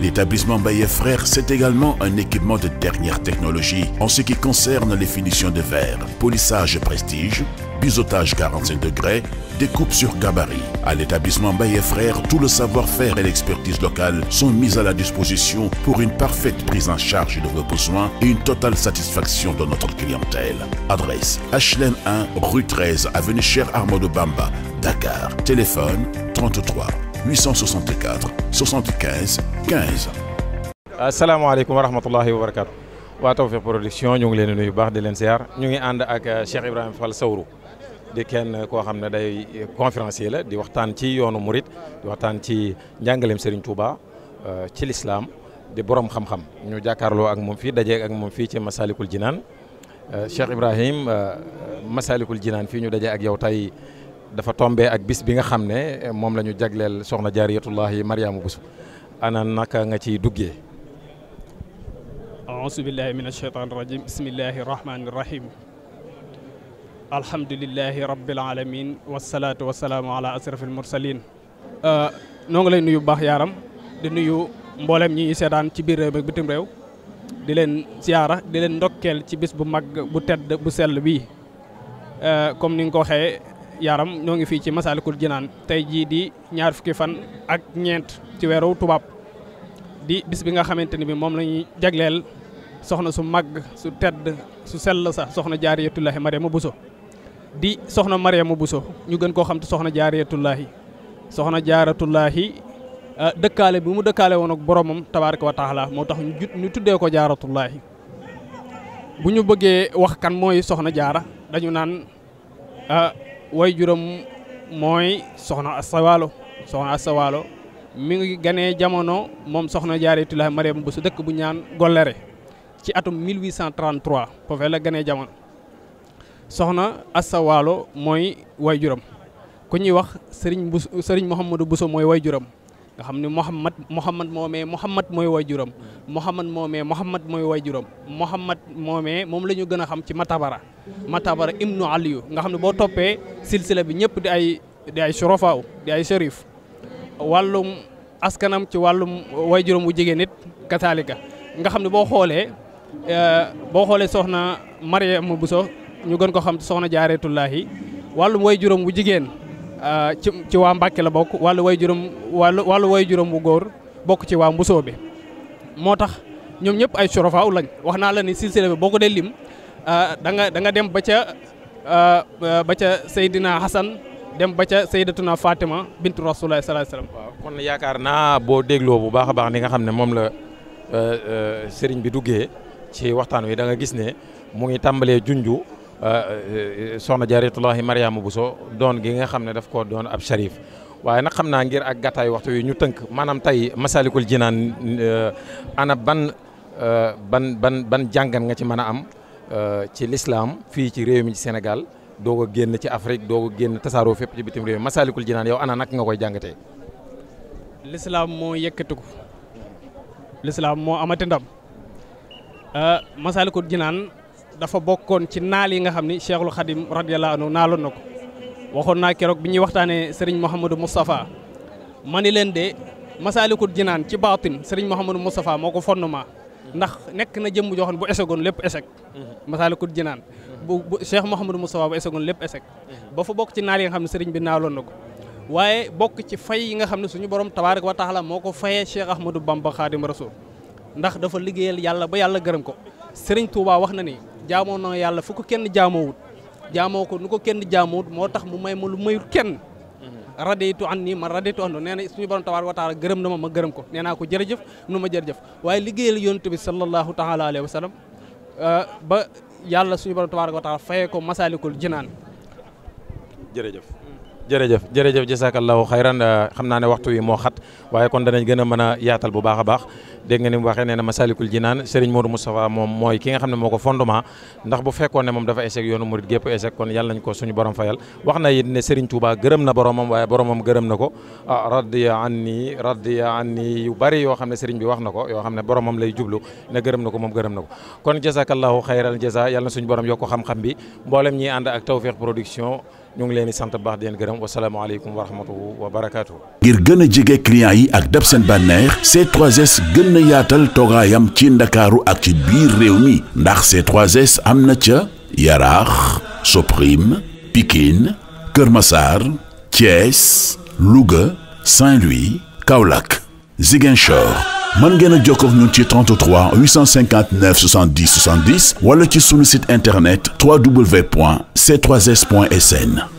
L'établissement Baye Frères, c'est également un équipement de dernière technologie en ce qui concerne les finitions de verre, polissage prestige, biseautage 45 degrés, découpe sur gabarit. À l'établissement Baye Frères, tout le savoir-faire et l'expertise locale sont mis à la disposition pour une parfaite prise en charge de vos besoins et une totale satisfaction de notre clientèle. Adresse HLM 1, rue 13, avenue Cheikh Amadou Bamba, Dakar. Téléphone 864 75 15. asalaamaaleykum wa rahmatullahi wa barakaatu. waa Tawfekh Production ñu ngi leen di nuyu baax di leen siyaar ñu ngi ànd ak eh, Cheikh Ibrahima Fall Sawru di kenn koo xam ne day eh, conférencier la di waxtaan ci yoonu murit di waxtaan ci njàngaleem Serigne Touba eh, ci lislaam di borom xam-xam ñu jàkkaarloo ak moom fii daje ak moom fii ci Masalikul Jinaan Cheikh Ibrahim Masalikul Jinaan fii ñu dajee ak yow tay dafa tombé ak bis bi nga xam ne moom la ñu jagleel soxna jaariyatullahi Mariama Bousso ana naka nga ciy duggee. auzu billahi min ashaytaan rajim bismillahi rahmani rahim. alhamdulilahi rabbil alamin wasalaatu wasalaamu ala asrafil mursalin euh, noo ngi lay nuyu baax yaaram di nuyu mboolem ñi seetaan ci biir réew ak bitim réew di leen siyaara di leen ndokkeel ci bis bu mag bu tedd bu sell bii euh, comme ni nga ko waxee yaram ñoo ngi fii ci Masaalikul naan tey jii di ñaar fukki fan ak ñeent ci weeru tubaab di bis bi nga xamante ni bi moom lañuy ñuy jagleel soxna su màgg su tedd su sell sax soxna jaariyatullahi Mariama buso di soxna Mariama buso ñu gën koo xam te soxna jaariyatullahi soxna jaaratullahi ah, dëkkaale bi mu dëkkaale woon ak boromam tabaaraka wa taala moo tax ñu tuddee ko jaaratullahi bu ñu bëggee wax kan mooy soxna jaara dañu naan ah, way juróom mooy soxna Asta Waalo soxna Asta Waalo mi ngi ganee jamono moom soxna Jaaratullaahi Mariama Bousso dëkk bu ñaan Golléré ci atum 1833 foofee la ganee jamono soxna Asta mooy way juróom ku ñuy wax sëriñ Bousso sëriñ Mouhamadou Bousso mooy way juróom nga xam ne Mouhamad Mouhamad moomee Mouhamad mooy waajuram Mouhamad moomee Mouhamad mooy waajuram Mouhamad moomee moom la ñu gën a xam ci Matabara Matabara ibnu Aliyu nga xam ne boo toppee silsila bi ñëpp di ay di ay surofaaw di ay shérif wàllum askanam ci wàllum juróom wu jigéen nit kataalika nga xam ne boo xoolee eh, boo xoolee soxna Mariama Buso ñu gën ko xam ci soxna Jaaretullaahi wàllum waajuram wu jigéen Euh, ci ci waa Mbàkke la bokk wàllu way juróom wàllu wàllu way juróom bu góor bokk ci waa Mbusoo bi moo tax ñoom ñëpp ay surafaaw lañ wax naa la ni silsila bi boo ko dee lim euh, da nga da nga dem ba ca euh, ba ca Seydina Hasan dem ba ca Seydatuna Fatima bintu Rasulullah sallallahu alayhi wasallam waaw kon yaakaar naa boo dégloo bu baax a baax ni nga xam ne moom la sëriñ bi duggee ci waxtaan wi da nga gis ne mu ngi tàmbalee junju Euh, euh, euh, soxna jaaritullahi Mariama Bousso doon gi nga xam ne daf ko doon ab sharif waaye na xam naa ngir ak gàttaay waxtu wi ñu tënk maanaam tey masalikul jinaan ana ban ban ban ban jàngan nga ci mën a am ci lislaam fii ci réew mi ci Sénégal doog a ci Afrique doog génn tasaaroo fépp ci bitim jinaan yow ana nak nga koy jàngatee. lislaam moo ko lislaam moo amati ndam masalikul jinaan dafa bokkoon ci naal yi nga xam ni Cheikhul Khadim radiyallahu anhu naaloon na ko waxoon naa keroog bi ñuy waxtaanee Serigne Mouhamadou Moustapha ma ni leen de Masaalikul Jinaan ci baatin Serigne Mouhamadou Moustapha moo ko fondement ndax nekk na jëmm joo xam ne bu ésegoon lépp eseg Masaalikul Jinaan bu bu Cheikh Mouhamadou Moustapha bu ésegoon lépp eseg ba fa bokk ci naal yi nga xam ne Serigne bi naaloon na ko waaye bokk ci fay yi nga xam ne suñu borom tabaaraka wa taala moo ko fayee Cheikh Ahmadou Bamba Khadim Rasoul ndax dafa liggéeyal yàlla ba yàlla gërëm ko Serigne Touba wax na ni jaamoo na yàlla fu ko kenn jaamoowut jaamoo ko nu ko kenn jaamoowut moo tax mu may ma lu mayut kenn raditu an nii ma raditu an nee na suñu borom tabaaraka wa gërëm na ma ma gërëm ko nee naa ko jërëjëf nu ma jërëjëf waaye liggéeyal yonent bi sallallahu taala alayhi wa sallam euh, ba yàlla suñu borom tabaaraka wa taala fayee ko masalikul jinaan jërëjëf jërëjëf jërëjëf jasakallahu xayran xam naa ne waxtu wi moo xat waaye kon danañ gën a mën a yaatal bu baax a baax dégg nga ni mu waxee nee na Masalikul Jinaan Serigne Modou moom mooy ki xam ne moo ko fondement ndax bu fekkoon ne moom dafa échec yoonu murid gépp échec kon yàlla nañ ko suñu borom fayal wax na it ne Serigne Touba gërëm na boromam waaye boromam gërëm na ko ah radiya anni radiya yu bari yoo xam ne Serigne bi wax na ko yoo xam ne boromam lay jublu ne gërëm na ko moom gërëm na ko kon jazakallahu xayral jaza yàlla na suñu borom yokk xam-xam bi mboolem ñi ànd ak Tawfekh ngi leen di sant baax di leen gërëm wa rahmatuhu wa barakaatu. ngir gën a clients yi ak dab seen bànneex C3S gën na yaatal toogaayam ci ndakaaru ak ci biir réew mi ndax c 3 am na ca Yaraax Soprim Pikine Kër Massar Thiès Louga Saint-Louis Kaolack Ziguinchor mën ngeen a jokkoo ak ñun ci 33 859 70 70 wala ci sunu site internet www.c3s.sn